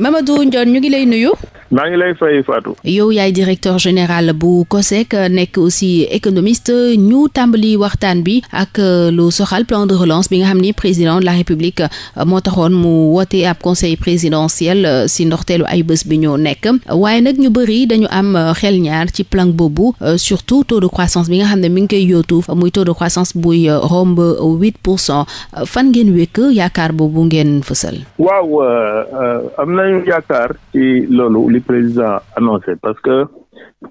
Mamadou Ndione ñu ngi lay nuyu. maa ngi lay fay Fatou. yow yaay directeur général bu ko COSEC nekk aussi économiste ñu tàmbali waxtaan bi ak euh, lu soxal plan de relance bi nga xam ni président de la république euh, moo taxoon mu woote ab conseil présidentiel euh, si ndorteelu ay bés bi ñoo nekk waaye nag ñu bëri dañu am xel ñaar ci plan boobu surtout taux de croissance bi nga xam ne mi ngi koy yootu muy taux de croissance buy romb huit pour cent fan ngeen wékk yaakaar boobu ngeen fësal. nañu yaakaar ci loolu li président annoncé parce que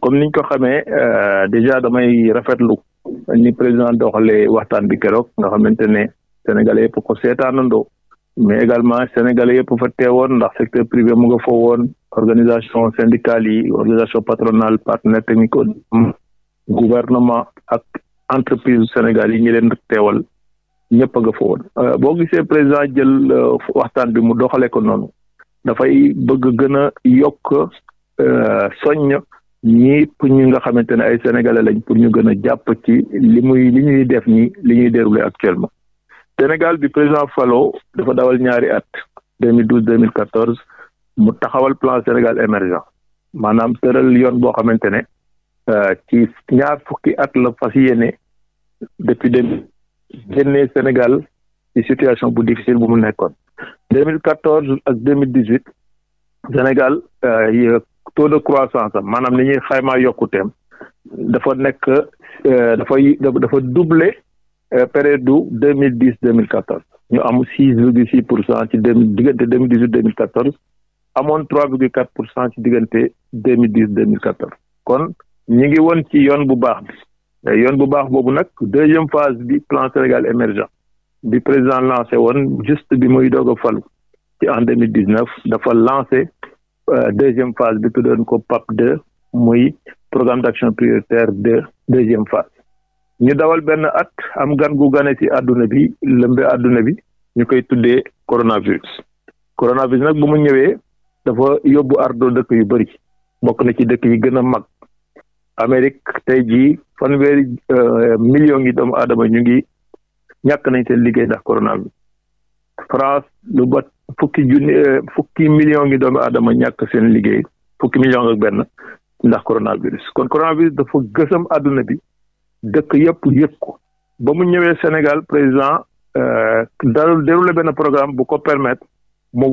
comme niñ ko xamee euh, déjà damay rafetlu ni président doxalee waxtaan bi keroog nga xamante ne sénégalais yëpp ko seetaanandoo mais également sénégal yëpp fa teewoon ndax secteur privé mu nga fa woon organisation syndicale yi organisation patronale partenaire technique gouvernement ak entreprise Sénégal yi ñu leen teewal ñëpp a nga fa woon euh, boo gisee président jël euh, waxtaan bi mu doxale ko noonu dafay bëgg gën a yokk euh, soññ ñëpp ñi nga xamante ne ay sénégalais lañ pour ñu gën a jàpp ci li muy li ñuy def nii li ñuy déroulé actuellement Sénégal bi président Fallon dafa dawal ñaari at deux 2012 2014 mu taxawal plan Sénégal émergent maanaam tëral yoon boo xamante ne euh, ci ñaar fukki at la fas yéene depuis dem génnee Sénégal ci situation bu difficile bu mu nekkoon 2014 ak 2018 Sénégal euh, taux de croissance am maanaam ni ñuy xaymaa yokkuteem dafa nekk euh, dafay dafa doubler euh, période du 2010 2014 ñu am 6,6 pour cent ci deux diggante 2018 2014 amoon 3,4 pour cent ci diggante 2010 2014 kon ñu ngi woon ci yoon bu baax bi yoon bu baax boobu nag deuxième phase bi plan Sénégal émergent bi président lancé woon juste bi muy doog a falu ci en deux mille dix neuf dafa lancé euh, deuxième phase bi tuddoon ko PAP de muy programme d' prioritaire de deuxième phase ñu dawal benn at am gan gu gane ci àdduna bi lëmbe àdduna bi ñu koy tuddee coronavirus coronavirus nag bu mu ñëwee dafa yóbbu ardo dëkk yu bëri mbokk na ci dëkk yi gën a mag Amérique tey ji fanweeri euh, million yi doomu aadama ñu ngi ñàkk nañ seen liggéey ndax coronavirus France lu bat fukki junni euh, fukki million ngi doomu aadama ñàkk seen liggéey fukki million ak benn ndax coronavirus kon coronavirus dafa gësam àdduna bi dëkk yëpp yëpp ko ba mu ñëwee Sénégal président euh, daal déroulé benn programme bu ko permettre mu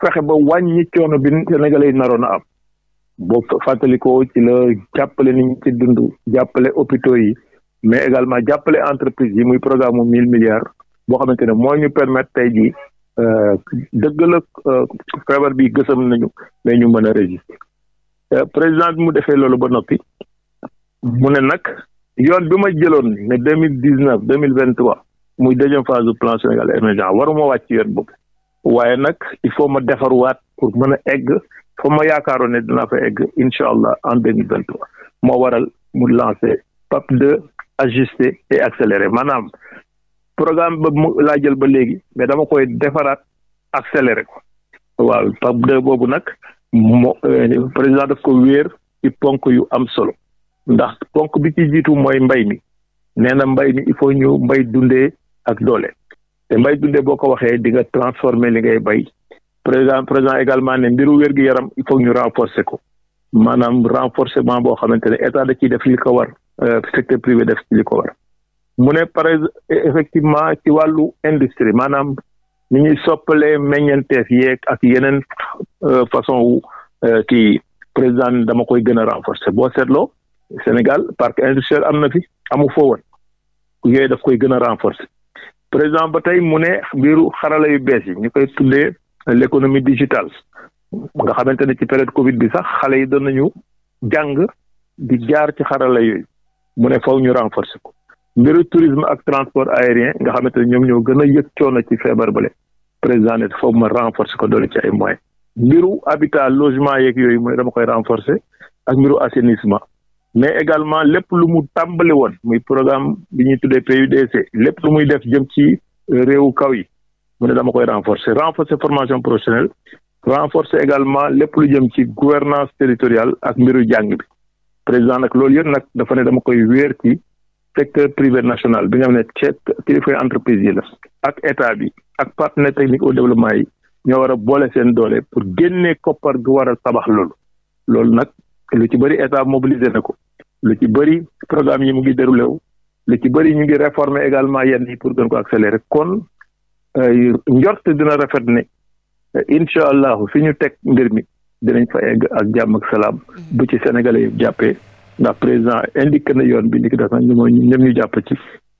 fexe ba wàññi coono bi Sénégalais yi naroon a am boo fàttalikoo ci la jàppale nit ñi ci dund jàppale hôpitaux yi mais également jàppale entreprise yi muy programme mu mille milliards boo xamante ne moo ñu permetre tey jii euh, dëgg la euh, feebar bi gësam nañu mais ñu mën a résister euh, président bi mu defee loolu ba noppi mu ne nag yoon bi ma jëloon ne deux mille dix neuf deux mille vingt trois muy deuxième phase du plan Sénégal émergent waruma wàcc yoon boobu waaye nag il faut ma defarwaat pour mën a egg fa ma yaakaaroon ne dinaa fa egg incha allah en deux mille vingt trois moo waral mu lancé PAP 2 ajuster et accélérer maanaam programme ba mu laa jël ba léegi mais dama koy defaraat accélérer ko waaw PAP 2 boobu nag moo euh, président de ko wéer ci ponk yu am solo ndax ponk bi ci jiitu mooy mbay mi nee na mbay mi il faut ñu mbay dundee ak doole te mbay dundee boo ko waxee di nga transformer li ngay bay président président également ne mbiru wér-gi-yaram il faut ñu renforcer ko maanaam renforcement boo xamante ne état da ciy def li ko war Euh, secteur privé def ci li ko war mu ne par effectivement ci wàllu industrie maanaam ni ñuy soppalee meññeenteef yeeg ak yeneen euh, façon wu euh, kii président dama koy gën a renforcer boo seetloo Sénégal parc industriel am na fi amu foo woon yooyu daf koy gën a renforcer président ba tey mu ne mbiru xarala yu bees yi ñu koy tuddee l'économie digitale nga xamante ne ci période Covid bi sax xale yi doon nañu jàng di jaar ci xarala yooyu mu ne faw ñu renforcer ko mbiru tourisme ak transport aérien nga xamante ne ñoom ñoo gën a yëg coono ci feebar bale président ne faw ma renforcer ko doole ci ay moyens mbiru habitat logement yeeg yooyu mu ne dama koy renforcer ak mbiru assainissement mais également lépp lu mu tàmbali woon muy programme bi ñuy tuddee PUDC lépp lu muy def jëm ci euh, réewu kaw yi mu ne dama koy renforcer renforcer formation professionnelle renforcer également lépp lu jëm ci gouvernance territoriale ak mbiru jàng président nag loolu yëpp nag dafa ne dama koy wéer ci secteur privé national bi nga xam ne ceeb kilifa entreprise yi la ak état bi ak partenaire technique au développement yi ñoo war a boole seen doole pour génnee koppar gu war a tabax loolu loolu nag lu ci bëri état mobilisé na ko lu ci bëri programme yi mu ngi déroulé wu lu ci bëri ñu ngi réformer également yenn yi pour gën ko accélérer kon euh, njort dina rafet ne euh, incha allahu fi ñu teg mbir mi dinañ fa egg ak jàmm ak salaam mm-hmm. bu ci sénégalais yëpp jàppee ndax président indiqué na yoon bi ni ki def nag ñu mooy ñoom ñu jàpp ci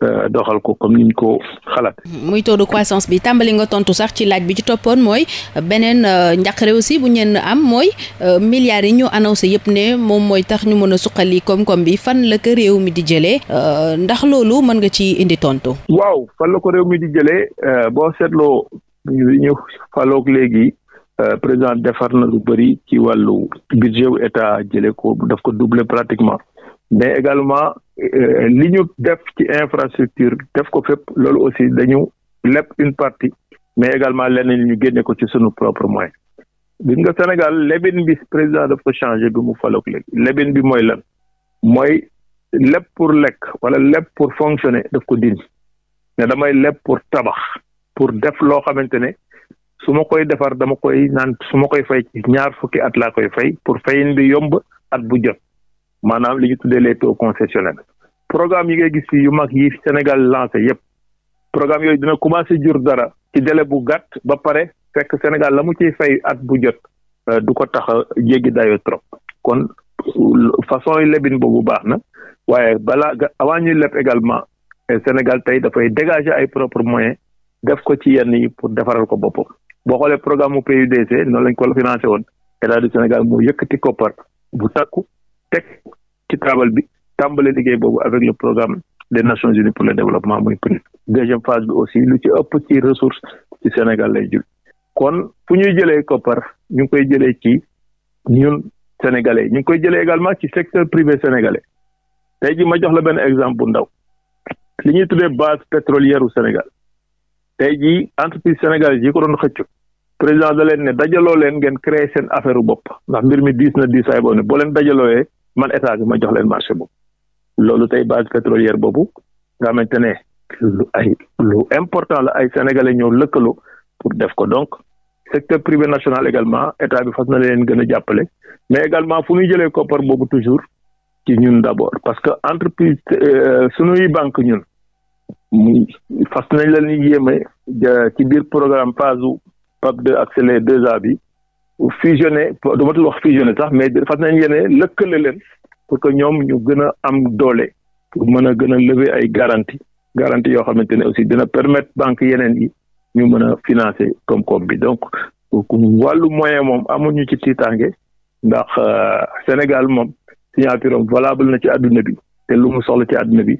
euh, doxal ko comme niñ ko xalaat. Mm-hmm. muy taux de croissance bi tàmbali nga tontu sax ci laaj bi ci toppoon mooy beneen euh, njàqare aussi bu ñenn am mooy euh, milliards yi ñu annoncé yëpp ne moom mooy tax ñu mën a suqali koom-koom bi fan la ko réew mi di jëlee ndax loolu mën nga ci indi tontu. waaw fan la ko réew mi di jëlee boo seetloo ñu faloog Euh, président defar na lu bëri ci wàllu budget wu état jëlee ko def ko doubler pratiquement mais également euh, li ñu def ci infrastructure def ko fépp loolu aussi dañu lépp une partie mais également leneen li ñu génne ko ci sunu propre moyen gis nga Sénégal lebin bi président def ko changé bi mu faloog léegi lebin bi mooy lan mooy lépp pour lekk wala lépp pour fonctionner daf ko dindi ne damay lépp pour tabax pour def loo xamante ne su ma koy defar dama koy naan su ma koy fay ci ñaar fukki at laa koy fay pour fayin bi yomb at bu jot maanaam li ñu tuddee les taux concessionnels programme yi ngay gis yu mag yi Sénégal lancé yépp programme yooyu dina commencé jur dara ci délé bu gàtt ba pare fekk Sénégal la mu ciy fay at bu jot euh, du ko tax a jéggi dayoo trop kon façon yi lebin boobu baax na waaye balaa avant ñuy leb également Sénégal tey dafay dégager ay propres moyens def ko ci yenn yi pour defaral ko boppam boo xoolee programme mu PUDC noonu lañ ko financé woon état du Sénégal moo yëkkati koppar bu takku teg ci taabal bi tàmbalee liggéey boobu avec le programme des Nations Unies pour le développement muy PNUD deuxième phase bi aussi lu ci ëpp ci ressource ci Sénégal lay jul kon fu ñuy jëlee koppar ñu ngi koy jëlee ci ñun sénégalais ñu ngi koy jëlee également ci secteur privé sénégalais tey ji ma jox la benn exemple bu ndaw li ñuy tuddee base pétrolière u Sénégal tey ji yi ko doon xëccu président da leen ne dajaloo leen ngeen créer seen affaire bopp ndax mbir mi diis na diisaay boobu ne boo leen dajalooyee man état bi ma jox leen marché boobu loolu tey base pétrolière boobu nga xamante ne lu ay lu important la ay sénégalais ñoo lëkkaloo pour def ko donc secteur privé national également état bi fas na leen gën a jàppale mais également fu ñuy jëlee koppar boobu toujours ci ñun d'abord parce que entreprise euh, suñuy banque ñun fas nañ la ñuy yéeme ci biir programme phase PAP 2 ak les deux A bi fusionné du ma wax fusionné sax mais fas nañ yéene lëkkale leen pour que ñoom ñu gën a am doole pour mën a gën a lever ay garantie garantie yoo xamante ne aussi dina permettre banque yeneen yi ñu mën a financer koom-koom bi donc wàllu moyen moom amuñu ci tiitaange ndax euh, Sénégal moom signature am valable na ci àdduna bi te lu mu soxla ci àdduna bi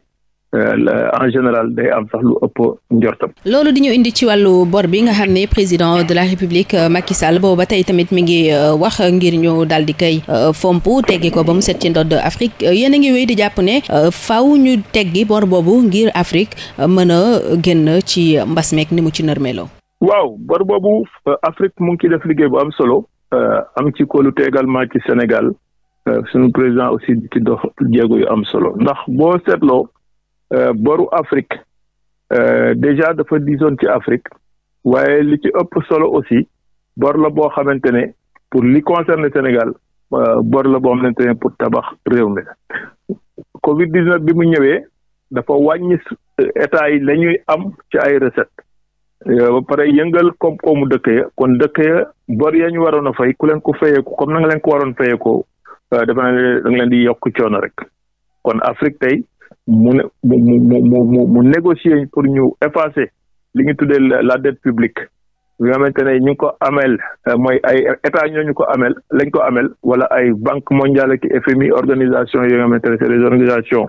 Euh, en général day am sax lu ëpp njortam. loolu di ñu indi ci wàllu bor bi nga xam ne président de la république euh, Macky Sall boobu ba tey tamit mi ngi euh, wax ngir ñu daal di koy fomp teggi ko ba mu set ci ndodd Afrique yéen a ngi wéy di jàpp ne faw ñu teggi bor boobu ngir Afrique mën a génn ci mbas meek ni mu ci nërmeeloo. waaw bor boobu Afrique mu ngi ciy def liggéey bu am solo am ci kóolute également ci Sénégal sunu président aussi ci dox jéego yu am solo ndax Euh, boru Afrique euh, déjà dafa diisoon ci Afrique waaye li ci ëpp solo aussi bor la boo xamante ne pour li concerne Sénégal euh, bor la boo xamante ne pour tabax réew mi Covid 19 bi mu ñëwee dafa wàññi état yi la ñuy am ci ay recettes. ba pare yëngal koom-koomu dëkk ya kon dëkk ya bor ya ñu waroon a fay ku leen ko fayeeku comme na nga leen ko waroon fayee ko dafa leen di yokk coono rek kon Afrique tey mu ne mu négocier pour ñu effacer li ñu tuddee la dette publique bi nga ne ñu ko amel euh, mooy ay état ñoo ñu ko amel lañ ko amel wala ay banque mondiale ak FMI organisation yi nga xamante ne c'est des organisations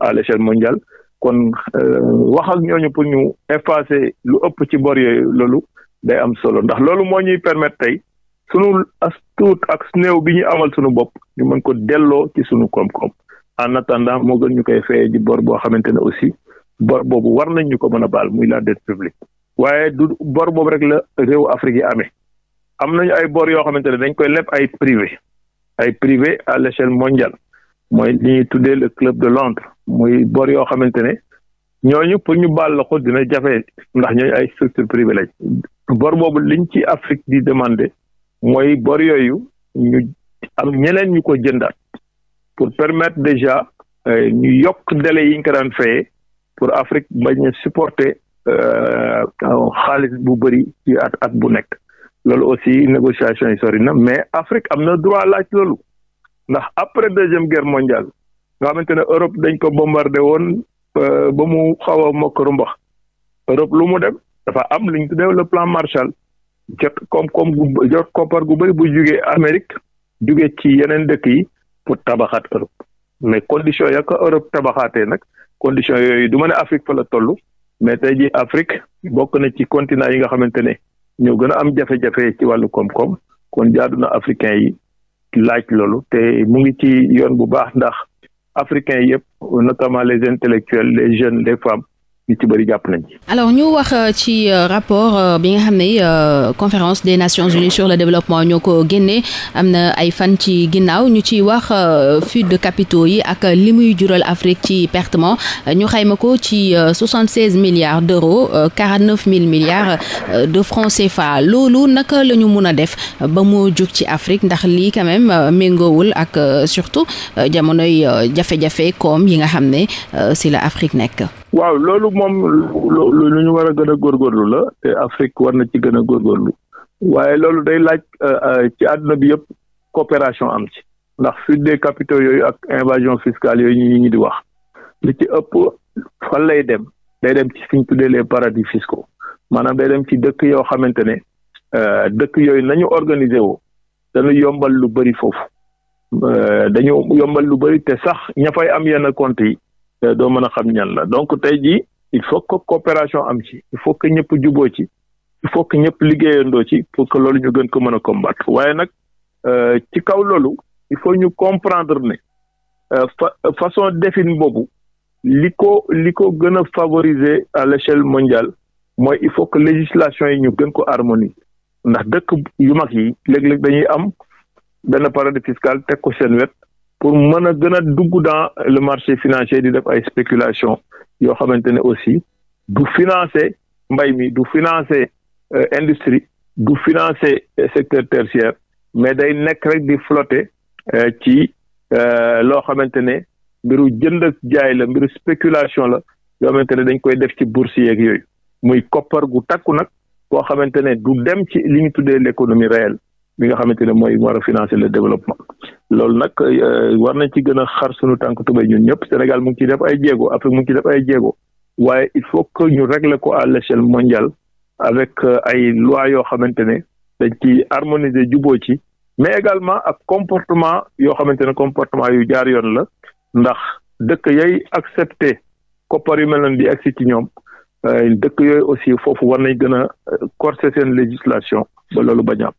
à mondiale kon euh, wax ak ñooñu pour ñu effacer lu ëpp ci bor yooyu loolu day am solo ndax loolu moo ñuy permettre tey sunu as ak néew bi ñu amal sunu bopp ñu mën ko delloo ci sunu koom-koom en attendant moo gën ñu koy fayee ji bor boo xamante ne aussi boor boobu war nañ ñu ko mën a baal muy la dette publique waaye du boor boobu rek la réewu Afrique yi amee am nañu ay bor yoo xamante ne dañ koy leb ay privé ay privé à l'échelle mondial mooy li ñuy tuddee le club de Londres muy bor yoo xamante ne ñooñu pour ñu baal la ko dina jafe ndax ñooñu ay structure privée lañ bor boobu liñ ci Afrique di demandé mooy bor yooyu ñu am ñeneen ñu ko jëndaat pour permettre déjà euh, ñu yokk délai yi ñu ko daan fayee pour Afrique bañ a supporter euh, xaalis bu bëri ci at at bu nekk loolu aussi négociation yi sori mais Afrique am na droit laaj loolu ndax après deuxième guerre mondiale nga xamante ne Europe dañ ko bombardé woon euh, ba mu xaw a mokk rumbax Europe lu mu dem dafa am lu ñu tuddee le plan Marshall jot koom-koom gu jot koppar gu bëri bu jugee Amérique juge ci yeneen dëkk yi. pour tabaxaat Europe mais condition ya ko Europe tabaxaatee nag condition yooyu du ma ne Afrique fa la toll mais tey jii Afrique bokk na ci continent yi nga xamante ne ñoo gën a am jafe-jafe ci wàllu koom-koom kon jaadu na africain yi laaj loolu te mu ngi ci yoon bu baax ndax africain yëpp notamment les intellectuels les jeunes les femmes ñu ci bëri jàpp nañ ci. alors ñu wax euh, ci euh, rapport euh, bi nga xam ne conférence des nations unies sur le développement ñoo ko génnee am na ay fan ci ginnaaw ñu ci wax fuite de capitaux yi ak li muy jural Afrique ci pertement ñu xayma ko ci soixante seize milliards d' euros quarante neuf mille milliards de francs CFA loolu naka la ñu mun a def ba mu jug ci Afrique ndax lii quand même méngoowul ak surtout jamonoy jafe-jafe koom yi nga xam ne si la Afrique nekk. waaw loolu moom lu ñu war a gën a góorgóorlu la te Afrique war na ci gën a góorlu waaye loolu day laaj euh, euh, ci àdduna bi yëpp coopération am si ndax fuite de capitaux yooyu ak invasion fiscale yooyu ñu ñu di wax li ci ëpp fan dem day dem ci fi ñu tuddee les paradis fiscaux maanaam day dem ci dëkk yoo xamante ne euh, dëkk yooyu nañu organiser woo dañu yombal lu bëri foofu dañu yombal lu bëri te sax ña fay am yenn compte yi doo mën a xam ñan la donc tey jii il faut que coopération am ci il faut que ñëpp juboo ci il faut que ñëpp liggéeyandoo ci pour que loolu ñu gën ko mën a combattre waaye nag euh, ci kaw loolu il faut ñu comprendre ne euh, fa façon défine boobu li ko li ko gën a favoriser à l'échelle mondiale mooy il faut que législation yi ñu gën ko harmoniser ndax dëkk yu mag yi léeg-léeg dañuy am benn paradis fiscal teg ko seen wet pour mën a gën a dugg dans le marché financier di def ay spéculation yoo xamante ne aussi du financer mbay mi du financer euh, industrie du financer euh, secteur tertiaire mais day nekk rek di flotter euh, ci loo xamante ne mbiru jënd ak jaay la mbiru spéculation la yoo xamante ne dañ koy def ci bourse yeeg yooyu muy koppar gu takku nag koo xamante ne du dem ci li ñu tuddee l'économie réelle bi nga xamante ne mooy war a le développement loolu nag euh, war nañ ci gën a xar sunu tànk tubéy ñun ñëpp Sénégal mu ngi ciy def ay jéego Afrique mu ngi ciy def ay jéego waaye il faut que ñu régler ko à l'échelle mondiale avec euh, ay loi yoo xamante ne dañ ci harmoniser juboo ci mais également ak comportement yoo xamante ne comportement yu jaar yoon la ndax dëkk yay accepté koppar yu mel noonu di agsi ci ñoom Euh, dëkk yooyu aussi foofu war nañ gën a euh, corser seen législation ba loolu ba a am.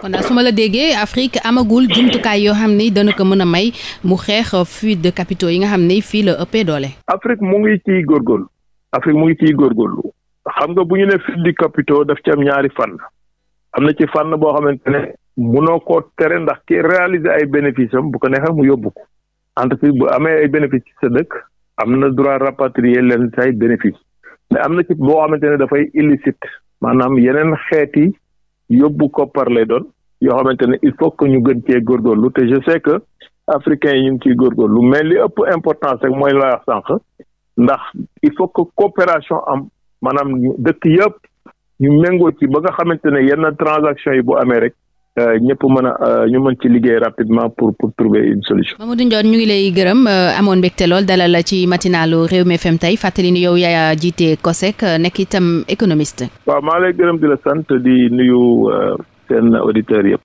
kon su ma la déggee Afrique amagul jumtukaay yoo xam ni dana ko mën a may mu xeex fuite de capitaux yi nga xam ni fii la ëppee doole. Afrique mu ngi ciy góorgóorlu Afrique mu ngi ciy góorgóorlu xam nga bu ñu ne fuite de capitaux daf ci am ñaari fànn am na ci fànn boo xamante ne mënoo ko tere ndax ki réaliser ay bénéfice bu ko neexee mu yóbbu ko entreprise bu amee ay bénéfice ci dëkk am na droit rapatrier leen say bénéfice mais am na ci boo xamante ne dafay illicite maanaam yeneen xeeti yóbbu koppar lay doon yoo xamante ne il faut que ñu gën cee góorgóorlu te je sais que africains yi ñu ngi ciy góorgóorlu mais li ëpp importance rek mooy la sànq ndax il faut que coopération am maanaam dëkk yëpp ñu méngoo ci ba nga xamante ne yenn transaction yi bu amee rek Euh, ñëpp mën a euh, ñu mën ci liggéey rapidement pour pour trouver une solution. Mamadou Ndione ñu ngi lay gërëm euh, amoon mbégte lool dalal la ci matinalu Rewmi FM tey fàttali ni yow yaa jiite COSEC nekk itam économiste. waaw maa lay gërëm di la sant di nuyu seen auditeurs yëpp.